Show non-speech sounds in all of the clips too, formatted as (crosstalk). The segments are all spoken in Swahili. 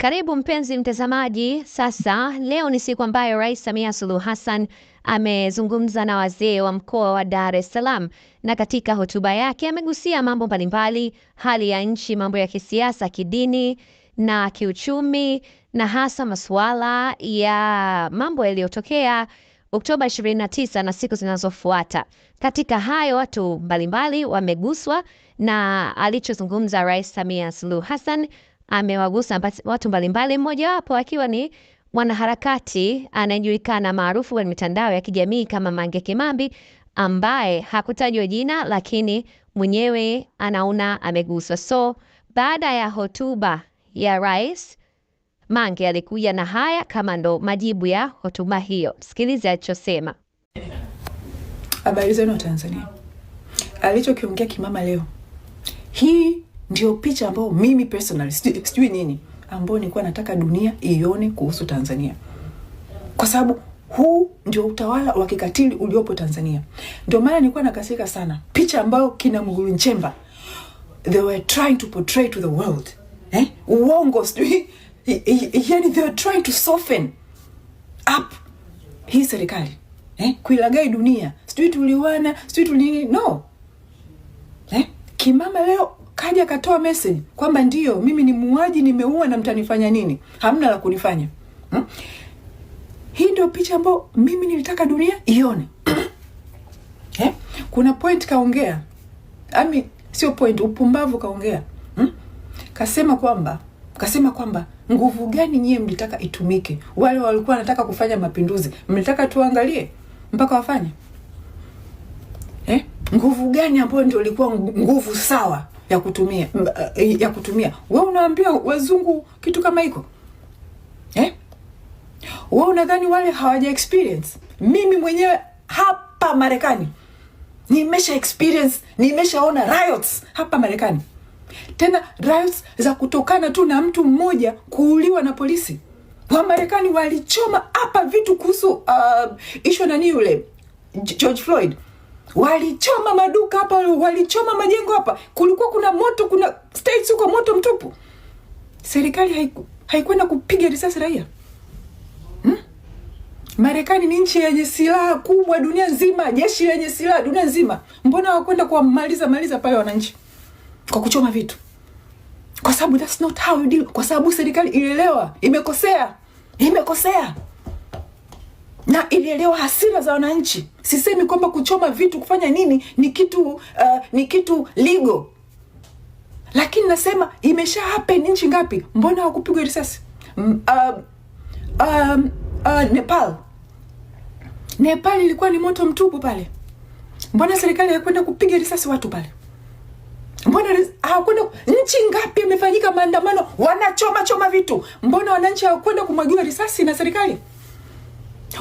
Karibu mpenzi mtazamaji. Sasa leo ni siku ambayo Rais Samia Suluhu Hassan amezungumza na wazee wa mkoa wa Dar es Salaam, na katika hotuba yake amegusia mambo mbalimbali, hali ya nchi, mambo ya kisiasa, kidini na kiuchumi, na hasa masuala ya mambo yaliyotokea Oktoba 29 na siku zinazofuata. Katika hayo, watu mbalimbali wameguswa na alichozungumza Rais Samia Suluhu Hassan amewagusa watu mbalimbali, mmojawapo akiwa ni mwanaharakati anayejulikana maarufu kwenye mitandao ya kijamii kama Mange Kimambi ambaye hakutajwa jina, lakini mwenyewe anaona ameguswa. So baada ya hotuba ya rais, Mange alikuja na haya kama ndo majibu ya hotuba hiyo. sikiliza alichosema. Habari zenu Tanzania, alichokiongea Kimama leo hii ndio picha ambayo mimi personally sijui nini ambayo nilikuwa nataka dunia ione kuhusu Tanzania, kwa sababu huu ndio utawala wa kikatili uliopo Tanzania. Ndio maana nilikuwa nakasirika sana picha ambayo kina Mwigulu Nchemba they were trying to portray to the world eh? Uongo sijui yani, they were trying to soften up hii serikali eh? Kuilagai dunia sijui tuliwana sijui tulini, no eh? Kimama leo kaja akatoa message kwamba ndio mimi ni muuaji, nimeua na mtanifanya nini? Hamna la kunifanya hmm? Hii ndio picha ambayo mimi nilitaka dunia ione (coughs) eh? Kuna point kaongea, ami sio point, upumbavu kaongea hmm? Kasema kwamba kasema kwamba nguvu gani nyie mlitaka itumike? Wale walikuwa wanataka kufanya mapinduzi, mlitaka tuangalie mpaka wafanye eh? Nguvu gani ambayo ndio ilikuwa nguvu sawa ya kutumia eh, ya kutumia. Wewe unaambia wazungu kitu kama hiko eh? Wewe unadhani wale hawaja experience? Mimi mwenyewe hapa Marekani nimesha experience, nimeshaona riots hapa Marekani, tena riots za kutokana tu na mtu mmoja kuuliwa na polisi. Wamarekani walichoma hapa vitu kuhusu uh, ishu nani yule George Floyd walichoma maduka hapa, walichoma majengo hapa, kulikuwa kuna moto, kuna states huko moto mtupu. Serikali haiku, haikwenda kupiga risasi raia hmm? Marekani ni nchi yenye silaha kubwa dunia nzima, jeshi lenye silaha dunia nzima, mbona hawakwenda kuwamaliza maliza pale wananchi kwa kuchoma vitu? Kwa sababu that's not how you deal, kwa sababu serikali ilielewa imekosea, imekosea na ilielewa hasira za wananchi. Sisemi kwamba kuchoma vitu kufanya nini ni kitu uh, ni kitu ligo, lakini nasema imesha happen. Nchi ngapi? Mbona wakupigwa risasi? um, um, uh, Nepal, Nepal ilikuwa ni moto mtupu pale, mbona serikali haikwenda kupiga risasi watu pale? Mbona hawakwenda? Nchi ngapi imefanyika maandamano wanachoma choma vitu, mbona wananchi hawakwenda kumwagiwa risasi na serikali?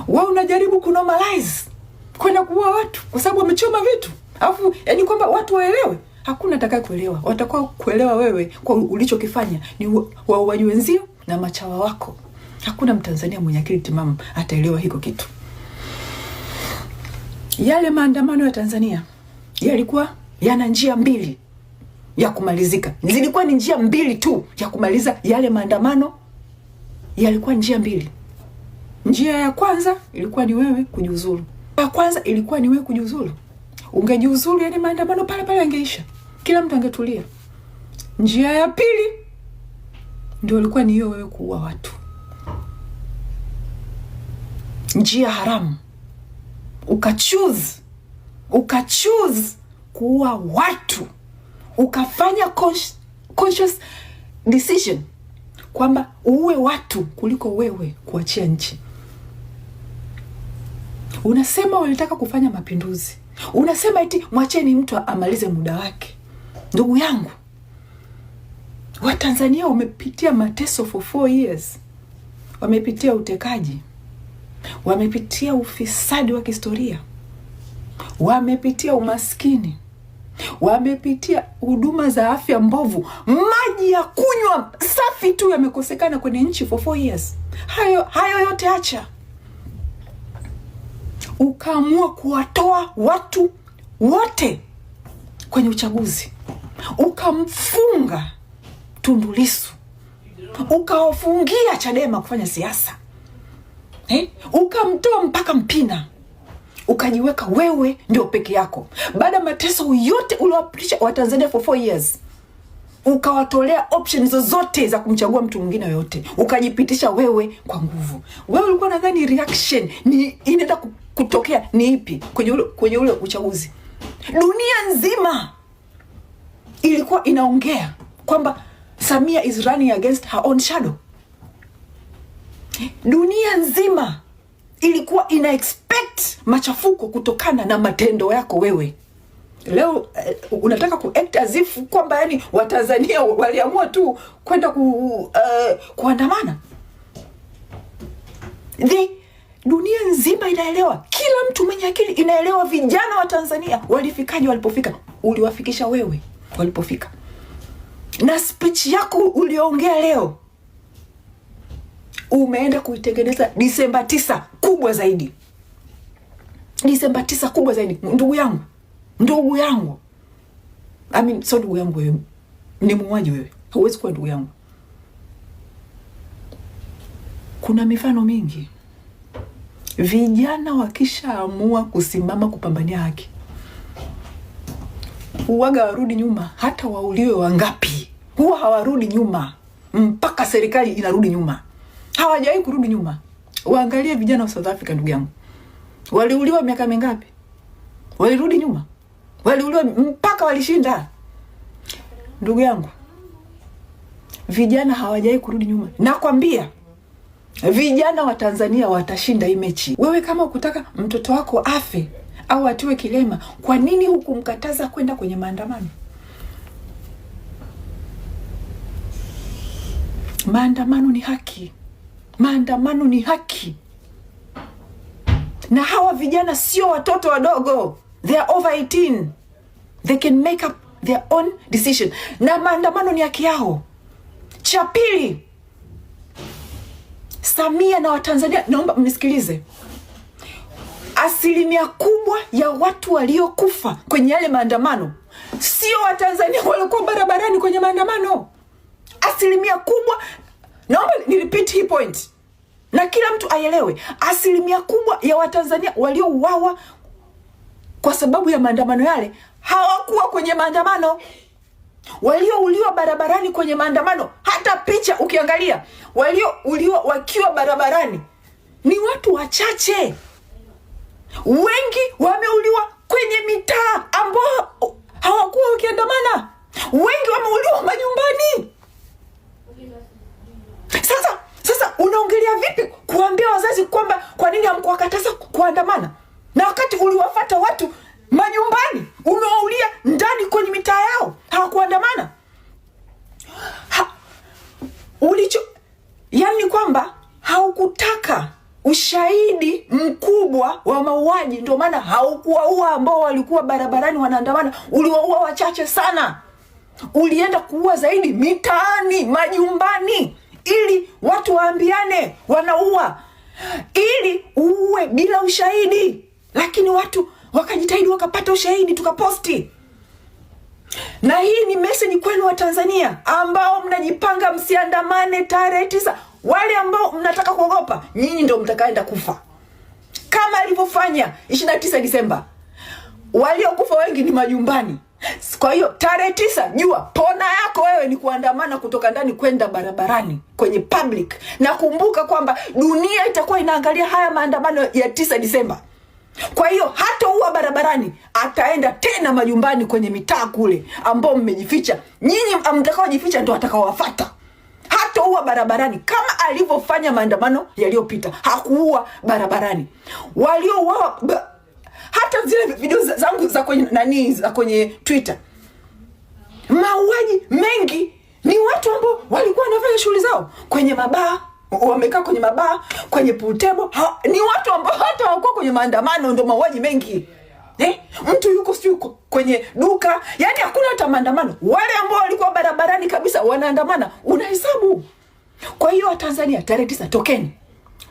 wewe unajaribu kunormalize kwenda kuua watu kwa sababu wamechoma vitu, alafu yani kwamba watu waelewe. Hakuna atakaye kuelewa, watakuwa kuelewa wewe kwa ulichokifanya ni wauaji wenzio na machawa wako. Hakuna Mtanzania mwenye akili timamu ataelewa hiko kitu. Yale maandamano ya Tanzania yalikuwa yana njia mbili ya kumalizika, zilikuwa ni njia mbili tu ya kumaliza yale maandamano, yalikuwa njia mbili. Njia ya kwanza ilikuwa ni wewe kujiuzulu. Ya kwanza ilikuwa ni wewe kujiuzulu. Ungejiuzulu, yani maandamano pale pale yangeisha, kila mtu angetulia. Njia ya pili ndio ilikuwa ni hiyo, wewe kuua watu, njia haramu, ukachuzi ukachuzi kuua watu, ukafanya conscious decision kwamba uue watu kuliko wewe kuachia nchi. Unasema walitaka kufanya mapinduzi, unasema eti mwacheni mtu amalize muda wake. Ndugu yangu, Watanzania wamepitia mateso for four years, wamepitia utekaji, wamepitia ufisadi wa kihistoria, wamepitia umaskini, wamepitia huduma za afya mbovu, maji ya kunywa safi tu yamekosekana kwenye nchi for four years. Hayo hayo yote acha ukaamua kuwatoa watu wote kwenye uchaguzi, ukamfunga Tundu Lissu, ukawafungia Chadema kufanya siasa eh? Ukamtoa mpaka Mpina, ukajiweka wewe ndio peke yako, baada ya mateso yote uliowapitisha Watanzania for four years ukawatolea option zozote za kumchagua mtu mwingine yoyote, ukajipitisha wewe kwa nguvu. Wewe ulikuwa nadhani reaction ni inaenda kutokea ni ipi kwenye ule, kwenye ule uchaguzi? Dunia nzima ilikuwa inaongea kwamba Samia is running against her own shadow. Dunia nzima ilikuwa ina expect machafuko kutokana na matendo yako wewe. Leo uh, unataka ku act as if kwamba yani Watanzania waliamua tu kwenda ku, uh, kuandamana. the dunia nzima inaelewa, kila mtu mwenye akili inaelewa vijana wa Tanzania walifikaje, walipofika. Uliwafikisha wewe walipofika, na speech yako uliongea leo umeenda kuitengeneza Disemba tisa kubwa zaidi, Disemba tisa kubwa zaidi, ndugu yangu ndugu yangu I mean, sio ndugu yangu wewe, ni muuaji wewe, hauwezi kuwa ndugu yangu. Kuna mifano mingi, vijana wakishaamua kusimama kupambania haki uwaga warudi nyuma, hata wauliwe wangapi, huwa hawarudi nyuma mpaka serikali inarudi nyuma. Hawajawahi kurudi nyuma. Waangalie vijana wa South Africa, ndugu yangu, waliuliwa miaka mingapi? Walirudi nyuma? waliuliwa mpaka walishinda. Ndugu yangu, vijana hawajawahi kurudi nyuma. Nakwambia vijana wa Tanzania watashinda hii mechi. Wewe kama ukutaka mtoto wako afe au atiwe kilema, kwa nini hukumkataza kwenda kwenye maandamano? Maandamano ni haki, maandamano ni haki, na hawa vijana sio watoto wadogo they are over 18 they can make up their own decision, na maandamano ni haki yao. Cha pili, Samia na Watanzania, naomba mnisikilize. Asilimia kubwa ya watu waliokufa kwenye yale maandamano sio Watanzania waliokuwa barabarani kwenye maandamano. Asilimia kubwa, naomba ni hii point na kila mtu aelewe, asilimia kubwa ya Watanzania waliouawa kwa sababu ya maandamano yale hawakuwa kwenye maandamano. Waliouliwa barabarani kwenye maandamano, hata picha ukiangalia, waliouliwa wakiwa barabarani ni watu wachache. Wengi wameuliwa kwenye mitaa ambao hawakuwa wakiandamana, wengi wameuliwa manyumbani Sasa sasa unaongelea vipi kuambia wazazi kwamba kwa nini hamkuwakataza kuandamana? na wakati uliwafata watu majumbani, umewaulia ndani kwenye mitaa yao, hawakuandamana ha, ulicho yani ni kwamba haukutaka ushahidi mkubwa wa mauaji, ndio maana haukuwaua ambao walikuwa barabarani wanaandamana. Uliwaua wachache sana, ulienda kuua zaidi mitaani, majumbani, ili watu waambiane wanaua, ili uue bila ushahidi lakini watu wakajitahidi wakapata ushahidi tukaposti. Na hii ni meseji kwenu wa Tanzania ambao mnajipanga msiandamane tarehe tisa. Wale ambao mnataka kuogopa, nyinyi ndo mtakaenda kufa kama alivyofanya tisa Disemba. Waliokufa wengi ni majumbani. Kwa hiyo tarehe tisa, jua pona yako wewe ni kuandamana kutoka ndani kwenda barabarani kwenye public, na kumbuka kwamba dunia itakuwa inaangalia haya maandamano ya tisa Disemba. Kwa hiyo hata huwa barabarani ataenda tena majumbani, kwenye mitaa kule ambao mmejificha nyinyi, mtakaojificha ndo atakaowafata. Hata huwa barabarani kama alivyofanya maandamano yaliyopita, hakuua barabarani waliouawa hata zile video zangu za kwenye nani za kwenye Twitter, mauaji mengi ni watu ambao walikuwa wanafanya shughuli zao kwenye mabaa, wamekaa kwenye mabaa, kwenye pool table. Ni watu ambao hata hawakuwa kwenye maandamano, ndo mauaji mengi eh? Mtu yuko siu kwenye duka, yani hakuna hata maandamano. Wale ambao walikuwa barabarani kabisa wanaandamana unahesabu. Kwa hiyo Watanzania, tarehe tisa tokeni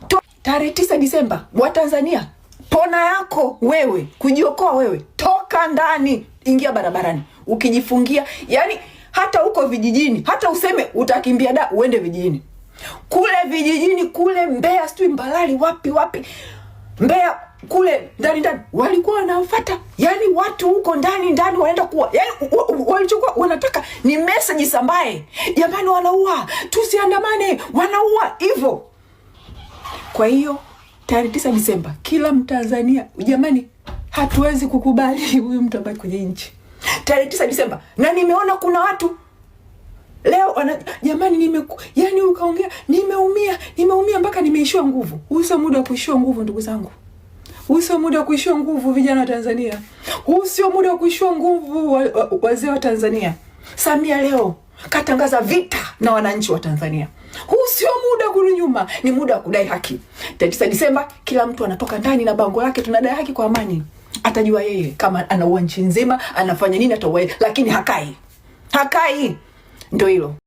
to, tarehe tisa Disemba Watanzania, pona yako wewe, kujiokoa wewe, toka ndani, ingia barabarani ukijifungia, yani hata huko vijijini, hata useme utakimbia da uende vijijini kule vijijini kule Mbeya, sijui Mbalali, wapi wapi, Mbeya kule ndani ndani walikuwa wanamfuata, yani watu huko ndani ndani wanaenda kuwa, yani walichokuwa wanataka ni message sambaye, jamani, wanaua tusiandamane, wanaua hivyo. Kwa hiyo tarehe tisa Disemba kila Mtanzania jamani, hatuwezi kukubali (laughs) huyu mtu ambaye kwenye nchi tarehe tisa Disemba, na nimeona kuna watu leo wana, jamani nime yani ukaongea nimeumia nimeumia mpaka nimeishiwa nguvu. Huu sio muda wa kuishiwa nguvu ndugu zangu. Huu sio muda wa kuishiwa nguvu vijana wa Tanzania. Huu sio muda wa kuishiwa nguvu wazee wa Tanzania. Samia leo katangaza vita na wananchi wa Tanzania. Huu sio muda wa kurudi nyuma, ni muda wa kudai haki. 9 Desemba kila mtu anatoka ndani na bango lake, tunadai haki kwa amani. Atajua yeye kama anaua nchi nzima, anafanya nini, atauae, lakini hakai, hakai. do